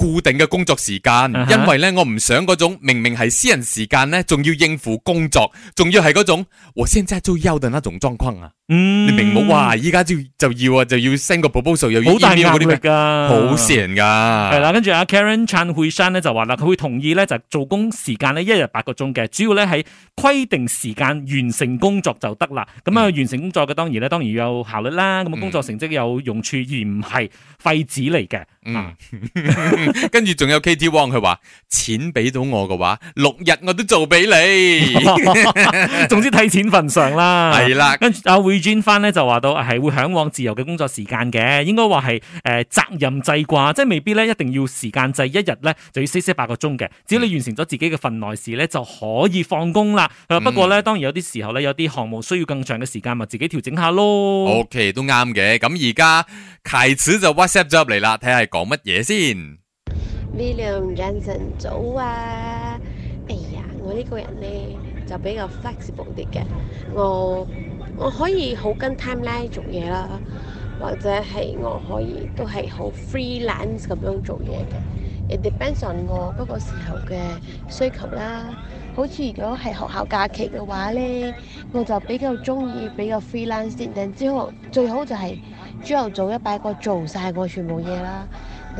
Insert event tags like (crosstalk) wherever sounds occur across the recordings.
固定嘅工作時間，uh huh。因為咧我唔想嗰種明明係私人時間咧，仲要應付工作，仲要係嗰種我先至係最休嘅那種狀況啊！嗯、你明冇哇？依家就就要啊，就要升個 proposal 又要、嗯、麼好大壓力噶，好死人噶！係啦，跟住阿 Karen Chan 會生咧就話啦，佢會同意咧就做工時間咧一日八個鐘嘅，主要咧喺規定時間完成工作就得啦。咁啊，完成工作嘅當然咧，當然要有效率啦。咁啊、嗯，工作成績有用處而唔係廢紙嚟嘅。嗯。 (laughs) (laughs) 跟住仲有 K T Wong，佢話錢俾到我嘅話，六日我都做俾你 (laughs) (laughs) 總之睇錢份上啦。係對啦，跟住阿 Regine 翻咧就話到係會向往自由嘅工作時間嘅，應該話係誒責任制啩，即係未必咧一定要時間制，一日咧就要四四八個鐘嘅，只要你完成咗自己嘅份內事咧就可以放工啦。嗯、不過咧當然有啲時候咧有啲項目需要更長嘅時間咪自己調整下咯。OK 都啱嘅，咁而家開始就 WhatsApp 咗入嚟啦，睇下講乜嘢先。William Johnson 早啊，哎呀，我呢個人咧就比較 flexible 啲嘅，我我可以好跟 timeline 做嘢啦，或者係我可以都係好 freelance 咁樣做嘢嘅。It depends on 我嗰個時候嘅需求啦。好似如果係學校假期嘅話咧，我就比較中意比較 freelance 啲，然之後最好就係朝頭早一拜個做晒我全部嘢啦。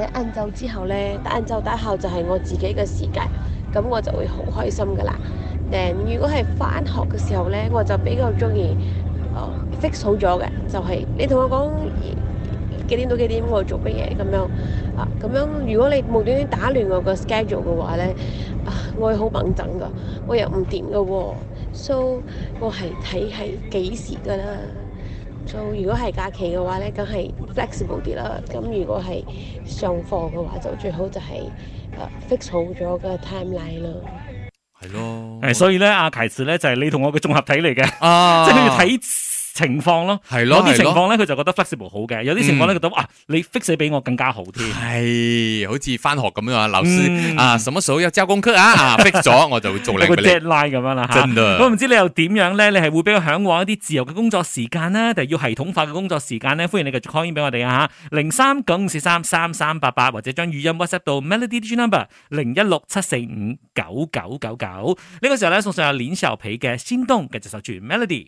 晏晝之後咧，晏晝打後就係我自己嘅時間，咁我就會好開心噶啦。誒，如果係翻學嘅時候咧，我就比較中意、uh, fix 好咗嘅，就係、是、你同我講幾點到幾點，我做乜嘢咁樣啊？咁樣如果你無端端打亂我個 schedule 嘅話咧、啊，我會好掹憎噶，我又唔掂噶，so 我係睇係幾時噶啦？就如果係假期嘅話咧，梗係 flexible 啲啦。咁如果係上課嘅話，就最好就係誒 fix 好咗個 timeline 咯。係咯的，誒、 (noise) 哎、所以咧，阿騎士咧就係、是、你同我嘅綜合體嚟嘅，即係、啊、 (laughs) 你要睇。情況咯，係咯，嗰啲情況咧，佢咯就覺得 flexible 好嘅，有啲情況咧，佢都、嗯、啊，你 fix 死俾我更加好添，係，好似翻學咁樣啊，老師、嗯、啊，什麼時候要交功課啊，逼咗、嗯 (laughs) 啊、我就會做你嘅 deadline 咁樣啦吓，咁、啊、唔的知你又點樣咧？你係會比較向往一啲自由嘅工作時間呢？定係要系統化嘅工作時間咧？歡迎你繼續 call in 俾我哋啊吓，零三九五四三三三八八，8，或者將語音 whatsapp 到 melody 的 number 零一六七四五九九九九，呢、這個時候咧，送上阿林小皮嘅《仙東》，繼續守住 melody。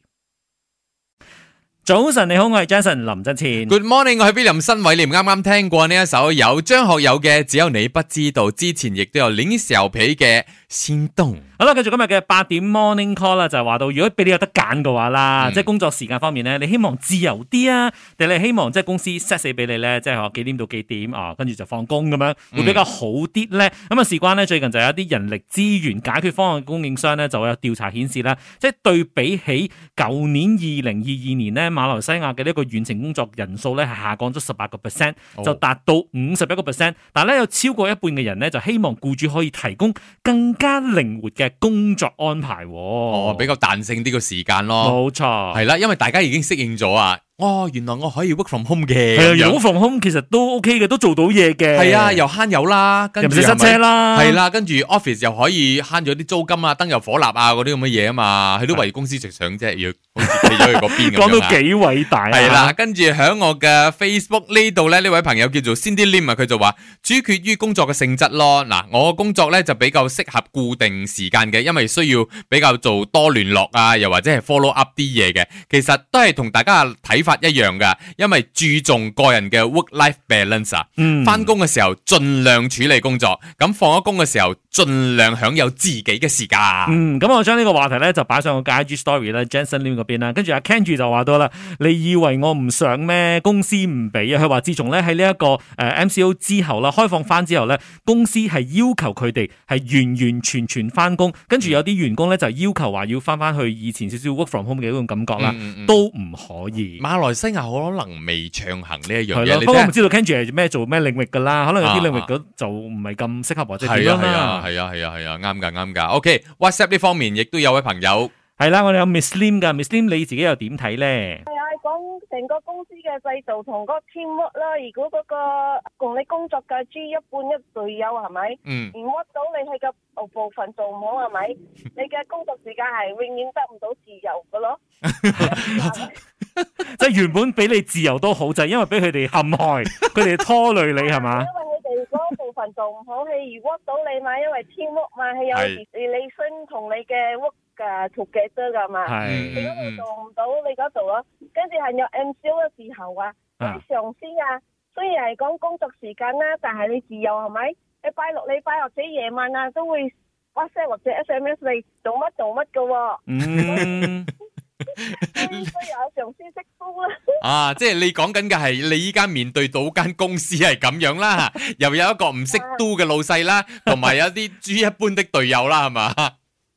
早晨你好，我係 Jason 林振前。Good morning，我係 Beyond 新偉，你唔啱啱聽過呢一首有張學友嘅《只有你不知道》，之前亦都有林曉培嘅《心動》。好啦，right, 繼續今日嘅八點 Morning Call 啦，就係話到，如果俾你有得揀嘅話啦，嗯、即係工作時間方面咧，你希望自由啲啊，定你希望即係公司 set 死俾你咧，即係哦幾點到幾點啊，跟住就放工咁樣，會比較好啲咧？咁啊、嗯，事關咧，最近就有一啲人力資源解決方案供應商咧，就會有調查顯示啦，即係對比起舊年二零二二年咧，馬來西亞嘅呢一個遠程工作人數咧係下降咗十八個 percent，就達到五十一個 percent，但係咧有超過一半嘅人咧就希望僱主可以提供更加靈活嘅工作安排哦，哦，比較彈性啲個時間咯，冇錯，係啦，因為大家已經適應咗啊。哦，原來我可以 work from home 嘅，work from home 其實都 OK 嘅，都做到嘢嘅。係啊，又慳油啦，又唔使塞車啦。係啦，跟住 office 又可以慳咗啲租金啊，燈油火蠟啊，嗰啲咁嘅嘢啊嘛，佢都為公司着想即係，要好似企咗去嗰邊咁樣。講到幾偉大啊！係啦，跟住喺我嘅 Facebook 呢度咧，呢位朋友叫做 Cindy Lim 啊，佢就話主決於工作嘅性質咯。嗱，我嘅工作咧就比較適合固定時間嘅，因為需要比較做多聯絡啊，又或者係 follow up 啲嘢嘅。其實都係同大家睇法。唔一樣噶，因為注重個人嘅 work-life balance。嗯，翻工嘅時候盡量處理工作，咁放咗工嘅時候盡量享有自己嘅時間。嗯，咁我將呢個話題咧就擺上個 IG story 啦，Jensen Lim 嗰邊啦，跟住阿 Kenji 就話到啦。你以為我唔想咩？公司唔俾啊？佢話自從咧喺呢一個誒 MCO 之後啦，開放翻之後咧，公司係要求佢哋係完完全全翻工，跟住有啲員工咧就要求話要翻翻去以前少少 work from home 嘅一種感覺啦，嗯嗯、都唔可以。嗯馬來西亞可能未暢行呢一樣嘢，你都唔知道 Candice 係咩做咩領域噶啦，可能有啲領域嗰就唔係咁適合或者點啊嘛，係啊係啊係啊係啊，啱噶啱噶。OK，WhatsApp 呢方面亦都有位朋友，係啦，我哋有 Miss Lim 噶，Miss Lim 你自己又點睇咧？係啊，講成個公司嘅制度同個 teamwork 啦，如果嗰個共你工作嘅只一半一隊友係咪？嗯，唔 work 到你係個部部分做唔好係咪？你嘅工作時間係永遠得唔到自由噶咯。即係原本俾你自由都好，就係因為俾佢哋陷害，佢哋拖累你係嘛？因為佢哋嗰部分做唔好，佢如果 work 到你嘛，因為 team work 嘛，佢有 decision 同你嘅 work 嘅 together 噶嘛。係，如果佢做唔到你嗰度咯，跟住係有 MC 嘅時候啊，啲上司啊，雖然係講工作時間啦，但係你自由係咪？你拜六你拜或者夜晚啊，都會 WhatsApp 或者 SMS 你做乜做乜噶。嗯。應該有上司識督啦。 (laughs) 啊，即係你講緊嘅係你依家面對到間公司係咁樣啦，又有一個唔識 do 嘅老細啦，同埋有一啲豬一般的隊友啦，係嘛？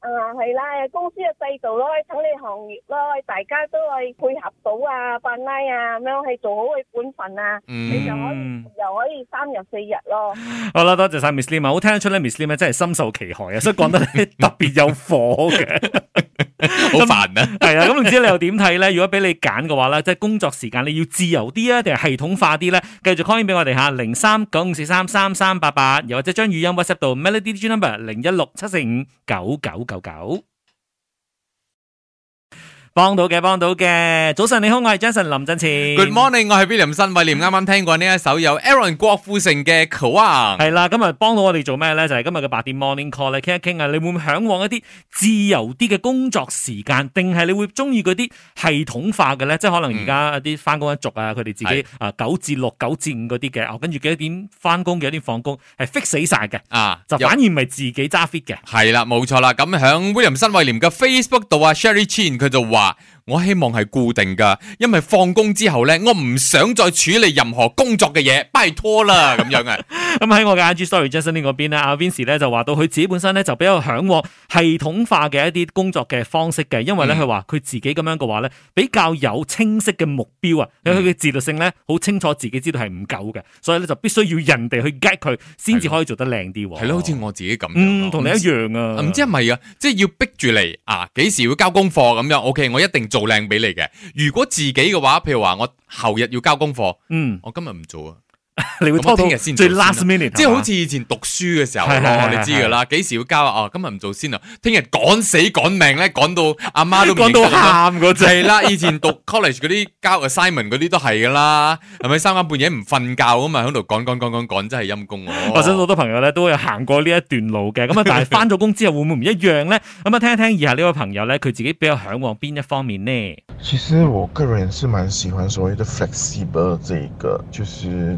啊，係啦，公司嘅制度，咯，同你行業咯，大家都可以配合到啊，扮拉啊，咁樣去做好佢本分啊，嗯、你就可以又可以三日四日咯。好啦，多謝晒 Miss Lim 啊，好聽得出咧，Miss Lim 真係深受其害啊，所以講得特別有火嘅。 (laughs) 好煩 (laughs) 煩的、 (laughs) 嗯、啊，係、嗯、啊，咁唔知你又點睇咧？如果俾你揀嘅話咧，即係工作時間你要自由啲啊，定係系統化啲咧？繼續 call in 俾我哋吓，零三九五四三三三八八，又或者將語音 whatsapp 到 melody 的 number 零一六七四五九九九九。幫到嘅，幫到嘅。早晨你好，我係 Jason 林振前。Good morning，我係 William 新偉廉。啱啱、嗯、聽過呢一首有 Aaron 郭富城嘅 Call 係啦，今日幫到我哋做咩咧？就係、是、今日嘅八點 Morning Call 咧，傾一傾啊，你會唔會向往一啲自由啲嘅工作時間？定係你會中意嗰啲系統化嘅咧？即係可能而家一啲翻工一族啊，佢哋自己、um、啊九至六、九至五嗰啲嘅，跟住幾點翻工，幾點放工，係 fix 死晒嘅，啊，就反而唔係自己揸 fit 嘅。係啦、啊，冇錯啦。咁響 (noise) (noise) William 新偉廉嘅 Facebook 度啊，Sherry Chin 佢就話。我希望係固定噶，因為放工之後呢，我唔想再處理任何工作嘅嘢，拜託啦，咁樣啊。 (laughs) 咁喺我嘅 I G s o r r y j u s t i n i 嗰邊咧，阿 v i n c e n 咧就話到佢自己本身咧就比較向往系統化嘅一啲工作嘅方式嘅。因為咧佢話佢自己咁樣嘅話咧比較有清晰嘅目標啊，佢嘅自律性咧好清楚自己知道係唔夠嘅，所以咧就必須要人哋去 get 佢先至可以做得靚啲。係咯，好似我自己咁，嗯，同你一樣啊，唔、嗯、知係咪啊？即係要逼住你啊，幾時要交功課咁樣？OK，我一定做靚俾你嘅。如果自己嘅話，譬如話我後日要交功課，嗯，我今日唔做啊。你會聽日先，最 last minute，即係好似以前讀書嘅時候，你知噶啦，幾時要交啊？哦，今日唔做先啊，聽日趕死趕命咧，趕到阿媽都趕到喊嗰陣，係啦，以前讀 college 嗰啲交 assignment 嗰啲都係噶啦，係咪三更半夜唔瞓覺啊？嘛，喺度趕趕趕趕趕，真係陰功啊！或者好多朋友咧都有行過呢一段路嘅，咁啊，但係翻咗工之後會唔會唔一樣咧？咁啊，聽一聽以下呢位朋友咧，佢自己比較向往邊一方面呢？其實我個人是蠻喜歡所謂嘅 flexible，即係一個，就是。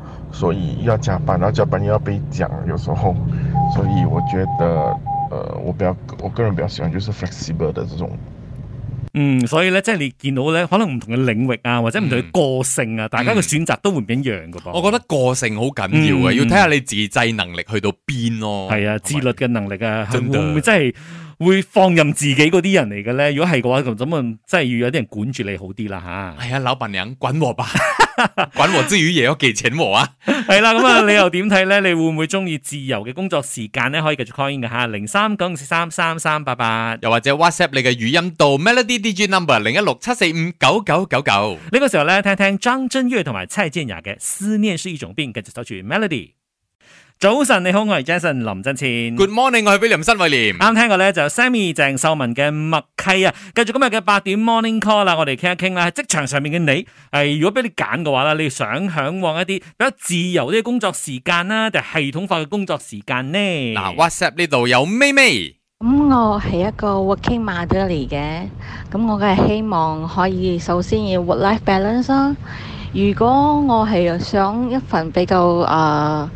所以要加班，然後加班又要被講，有時候，所以我覺得，呃，我比較，我個人比較喜歡就是 flexible 的這種。嗯，所以呢，即係你見到呢，可能唔同嘅領域啊，或者唔同嘅個性啊，大家嘅選擇都會唔一樣噶噃、嗯。我覺得個性好緊要啊，嗯、要睇下你自制能力去到邊咯。係啊，自律嘅能力啊，會唔會真係會放任自己嗰啲人嚟嘅呢。如果係嘅話，咁咁啊，真係要有啲人管住你好啲啦吓。係啊，老闆娘管我吧。 (laughs) 管和之餘也要給錢和啊！係啦，咁啊，你又點睇咧？你會唔會中意自由嘅工作時間咧？可以繼續 call in 嘅吓，零三九五三三三八八，又或者 WhatsApp 你嘅語音度，Melody DJ number 零一六七四五九九九九。呢個時候咧，聽聽張震岳同埋蔡健雅嘅《思念是一種病》，繼續收曲，Melody。早晨，你好，我係 Jason 林振前。Good morning，我係 William 申偉廉。啱聽過咧就 Sammy 鄭秀文嘅默契啊。繼續今日嘅八點 Morning Call 啦、啊，我哋傾一傾啦、啊。職場上面嘅你，誒、呃，如果俾你揀嘅話啦，你想向往一啲比較自由啲嘅工作時間啦、啊，定係系統化嘅工作時間呢？嗱、啊、，WhatsApp 呢度有妹妹咁，我係一個 working mother 嚟嘅。咁我嘅希望可以首先要 work-life balance 啦、啊。如果我係想一份比較誒。呃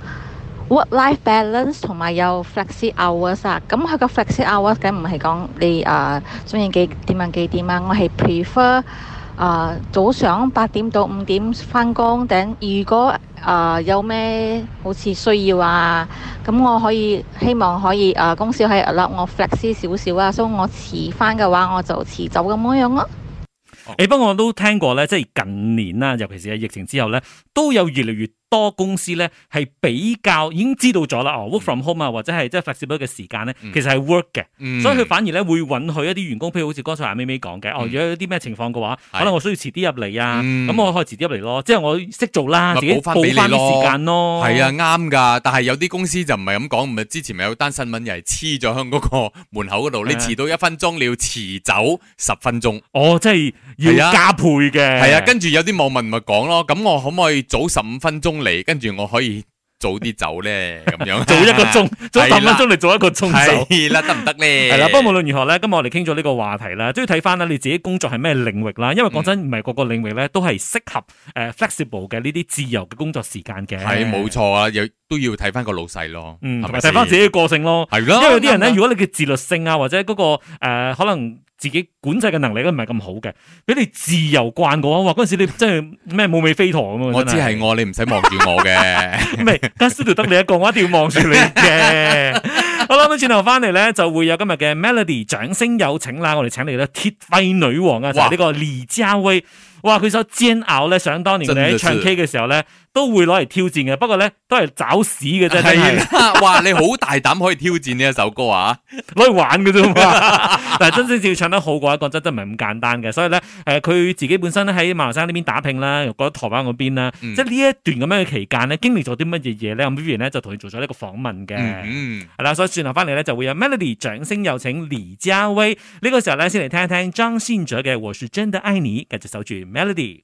Work life balance 同埋有 flexible hours 啊，咁佢個 flexible hours 梗唔係講你啊中意幾點啊幾點啊，我係 prefer 啊早上八點到五點翻工頂，如果啊有咩好似需要啊，咁我可以希望可以啊公司喺啊立我 flexy 少少啊，所以我遲翻嘅話我就遲走咁樣樣咯。誒，不過我都聽過咧，即係近年啦，尤其是喺疫情之後咧，都有越嚟越多公司咧係比較已經知道咗啦，哦 work from home 啊，或者係即係 flexible 嘅時間咧，其實係 work 嘅，所以佢反而咧會允許一啲員工，譬如好似剛才阿妹妹講嘅，哦，如果有啲咩情況嘅話，可能我需要遲啲入嚟啊，咁我可以遲啲入嚟咯，即係我識做啦，自己補翻啲時間咯，係啊，啱㗎，但係有啲公司就唔係咁講，唔係之前咪有單新聞又係黐咗喺嗰個門口嗰度，你遲到一分鐘你要遲走十分鐘，哦，即係要加倍嘅，係啊，跟住有啲網民咪講咯，咁我可唔可以早十五分鐘？嚟跟住我可以早啲走咧，咁樣 (laughs) 早一個鐘， (laughs) 早十分鐘你早一個鐘，走啦， (laughs) 得唔得咧？係啦， (laughs) 不過無論如何咧，今日我哋傾咗呢個話題啦，即係睇翻咧你自己工作係咩領域啦，因為講真唔係個個領域咧都係適合誒 flexible 嘅呢啲自由嘅工作時間嘅，係冇錯啊。有都要睇翻個老細咯，嗯，同埋睇翻自己嘅個性咯，係啦的。因為有啲人咧，的如果你嘅自律性啊，或者嗰、那個誒、呃，可能自己管制嘅能力都唔係咁好嘅，俾你自由慣嘅話，嗰時你真係咩冇尾飛陀咁啊！我知係我，你唔使望住我嘅，未？ (laughs) 但係 studio 得你一個，我一定要望住你嘅。 (laughs) 好啦，咁轉頭翻嚟咧，就會有今日嘅 Melody 掌聲有請啦，我哋請嚟咧鐵肺女王啊，哇就係呢個李佳薇。哇，佢首煎熬咧，想當年你喺唱 K 嘅時候咧，都會攞嚟挑戰嘅。不過咧，都係找屎嘅啫。係，哇， (laughs) 你好大膽可以挑戰呢一首歌啊，攞嚟玩嘅啫嘛。 (laughs) (laughs) 但係真正照唱得好嘅話，講真真唔係咁簡單嘅。所以咧，誒、呃，佢自己本身咧喺馬來西亞呢邊打拼啦，又得台灣嗰邊啦，嗯、即係呢一段咁樣嘅期間咧，經歷咗啲乜嘢嘢咧，咁 Viu 然咧就同佢做咗呢個訪問嘅。係啦、嗯嗯嗯，所以轉頭翻嚟咧，就會有 Melody 掌聲有請李佳威呢、這個時候咧，先嚟聽一聽張先咗嘅《我是真的 n 你》，跟着守住 Melody。